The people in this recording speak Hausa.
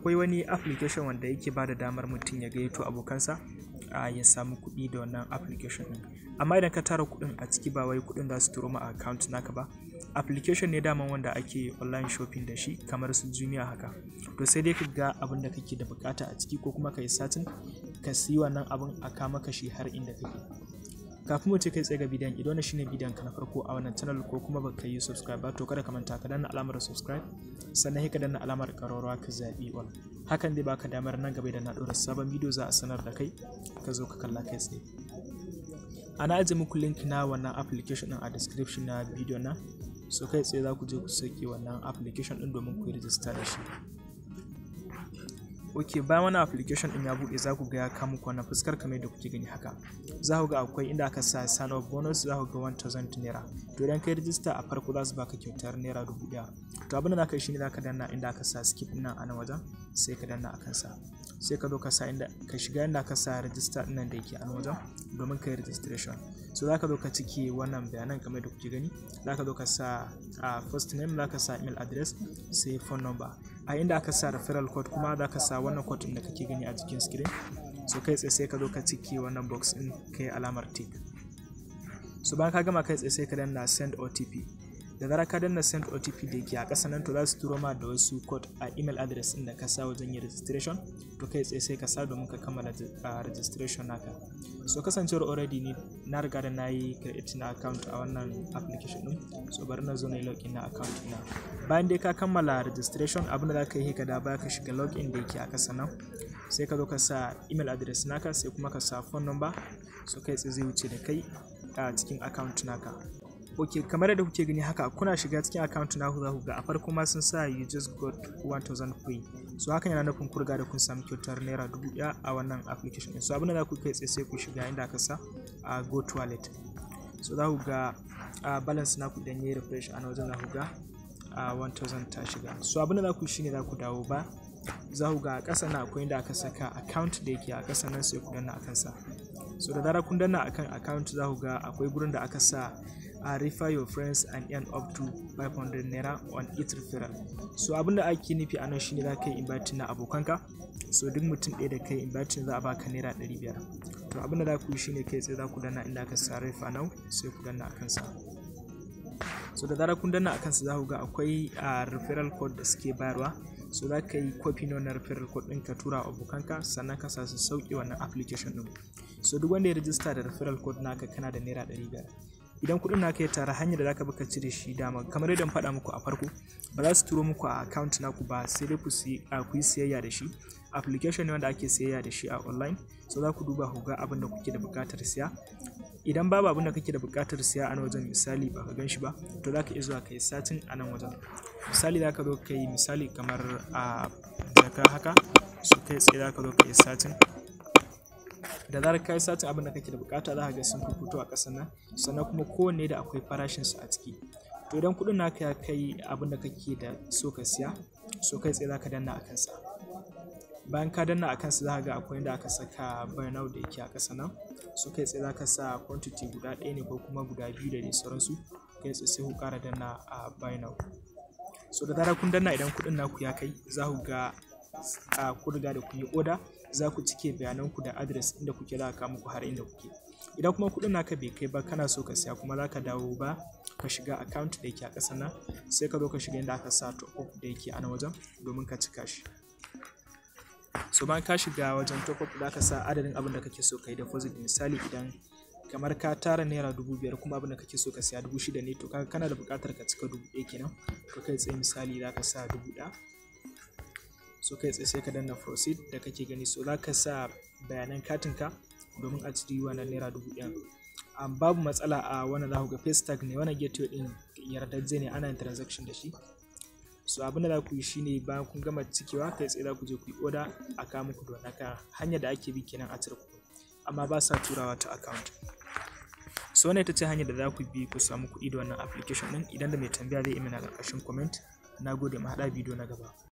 akwai wani application wanda yake ba da damar mutum ya gaito abokansa a ya samu kuɗi da wannan application ɗin amma idan ka tara kuɗin a ciki ba wai kuɗin za su turo ma account naka ba application ne daman wanda ake online shopping da shi kamar su jumia haka to sai dai ka ga abin da kake da bukata a ciki ko kuma ka yi satin ka siyi wannan abin a kama har inda kake kafin mu kai tsaye ga bidiyon idan wannan shine bidiyon ka na farko a wannan channel ko kuma baka yi subscribe ba to kada ka manta ka danna alamar subscribe sannan ka danna alamar ƙararrawa ka zabi all hakan zai baka damar nan gaba da na dora sabon bidiyo za a sanar da kai ka zo ka kalla kai tsaye ana ajiye muku link na wannan application din a description na bidiyo na so kai tsaye za ku je ku saki wannan application din domin ku yi da shi ok bayan wani application din ya buɗe za ku ga ya kama ku wannan fuskar kamar yadda kuke gani haka za ku ga akwai inda aka sa sign up bonus za ku ga 1000 naira to idan kai register a farko za su baka kyautar naira dubu daya to abin da za ka yi shine za ka danna inda aka sa skip nan a nan wajen sai ka danna akan sa sai ka zo ka sa inda ka shiga inda aka sa register din nan da yake a nan wajen domin kai registration so za ka zo ka cike wannan bayanan kamar da kuke gani za ka zo ka sa a ah, first name za ka sa email address sai phone number a inda aka sa referral code kuma za ka sa wannan code da kake gani a jikin screen so kai tsaye sai ka zo ka ciki wannan box din kai alamar tick so bayan ka gama kai tsaye sai ka danna send OTP da zarar ka danna send otp da yake a ƙasa nan to za su turo ma da wasu code a email address ɗin da ka sa wajen yin registration to kai tsaye sai ka sa domin ka kammala registration naka so kasancewar already ni na riga da na yi create na account a wannan application din so bari na zo na yi login na account ɗina bayan dai ka kammala registration abin da za ka yi ka da baya ka shiga login da yake a ƙasa nan sai ka zo ka sa email address naka sai kuma ka sa phone number so kai tsaye zai wuce da kai a cikin account naka ok kamar yadda kuke gani haka kuna shiga cikin account na huza huga a farko ma sun sa you just got 1000 free so haka yana nufin kurga da kun samu kyautar naira dubu daya a wannan application din so abin da za ku kai tsaye sai ku shiga inda aka sa a go toilet so za ku ga balance na idan yayi refresh a wajen za ku ga 1000 ta shiga so abin da za ku shine za ku dawo ba za ku ga a ƙasa na akwai inda aka saka account da yake a ƙasa nan sai ku danna akan sa so da zarar kun danna akan account za ku ga akwai gurin da aka sa a uh, refer your friends and earn up to 500 naira on each referral so abinda ake nufi a nan shine za ka yi invite na abokanka so duk mutum ɗaya da kai invite za a baka naira 500 to abinda za ku yi shine kai tsaye za ku danna inda aka sa refer now sai ku danna akan sa so da zarar kun danna akan sa za ku ga akwai a uh, referral code da suke bayarwa so za ka yi kwafi na wannan referral code ɗin ka tura abokanka sannan ka sa su sauke wannan application ɗin so duk wanda ya rijista da referral code naka kana da naira ɗari biyar idan kuɗin naka ya tara hanyar da zaka baka cire shi dama kamar yadda faɗa muku a farko ba za su turo muku a account naku ba sai dai ku yi siyayya da shi application ne wanda ake siyayya da shi a online so za ku duba ku ga abin da kuke da buƙatar siya idan babu abin da kake da buƙatar siya a wajen misali ba ka gan shi ba to za ka iya zuwa ka yi satin a nan wajen misali za ka zo ka yi misali kamar a jaka haka so kai tsaye za ka zo ka yi satin da zarar ka yi satin abin da kake da bukata za ka ga sun fito a ƙasa nan sannan kuma kowanne da akwai farashin su a ciki to idan kuɗin naka ya kai abin da kake da so ka siya so kai tsaye za ka danna a kansa bayan ka danna a kansa za ka ga akwai inda aka saka burnout da yake a ƙasa nan so kai tsaye za ka sa kwantiti guda ɗaya ne ko kuma guda biyu da dai sauransu kai tsaye sai ku ƙara danna a burnout so da zarar kun danna idan kuɗin naku ya kai za ku ga a uh, da kun yi oda za ku cike bayanan ku da adres inda kuke za ka muku har inda kuke idan kuma kuɗin naka bai kai ba kana so ka siya kuma za ka dawo ba ka shiga account da yake a ƙasa nan sai ka zo ka shiga inda aka sa top up da yake a nan wajen domin ka cika shi so bayan ka shiga wajen top up za ka sa adadin abin da kake so ka yi deposit misali idan kamar ka tara naira dubu biyar kuma abin da kake so ka siya dubu shida ne to kaga kana da buƙatar ka cika dubu ɗaya kenan to kai tsaye misali za ka sa dubu ɗaya so kai tsaye sai ka danna proceed da kake gani so za ka sa bayanan katinka domin a ciri wannan naira dubu ɗaya um, babu matsala a wannan za ku ga face tag ne wannan gateway din yardajje ne ana transaction da shi so abin da za ku yi shine bayan ku gama cikewa kai tsaye za ku je ku yi order a kawo muku da wannan kayan hanya da ake bi kenan a cire amma ba sa turawa ta account so wannan ita ce hanyar da za ku bi ku samu kuɗi da wannan application din idan da mai tambaya zai imina ƙarƙashin comment na gode mu haɗa bidiyo na gaba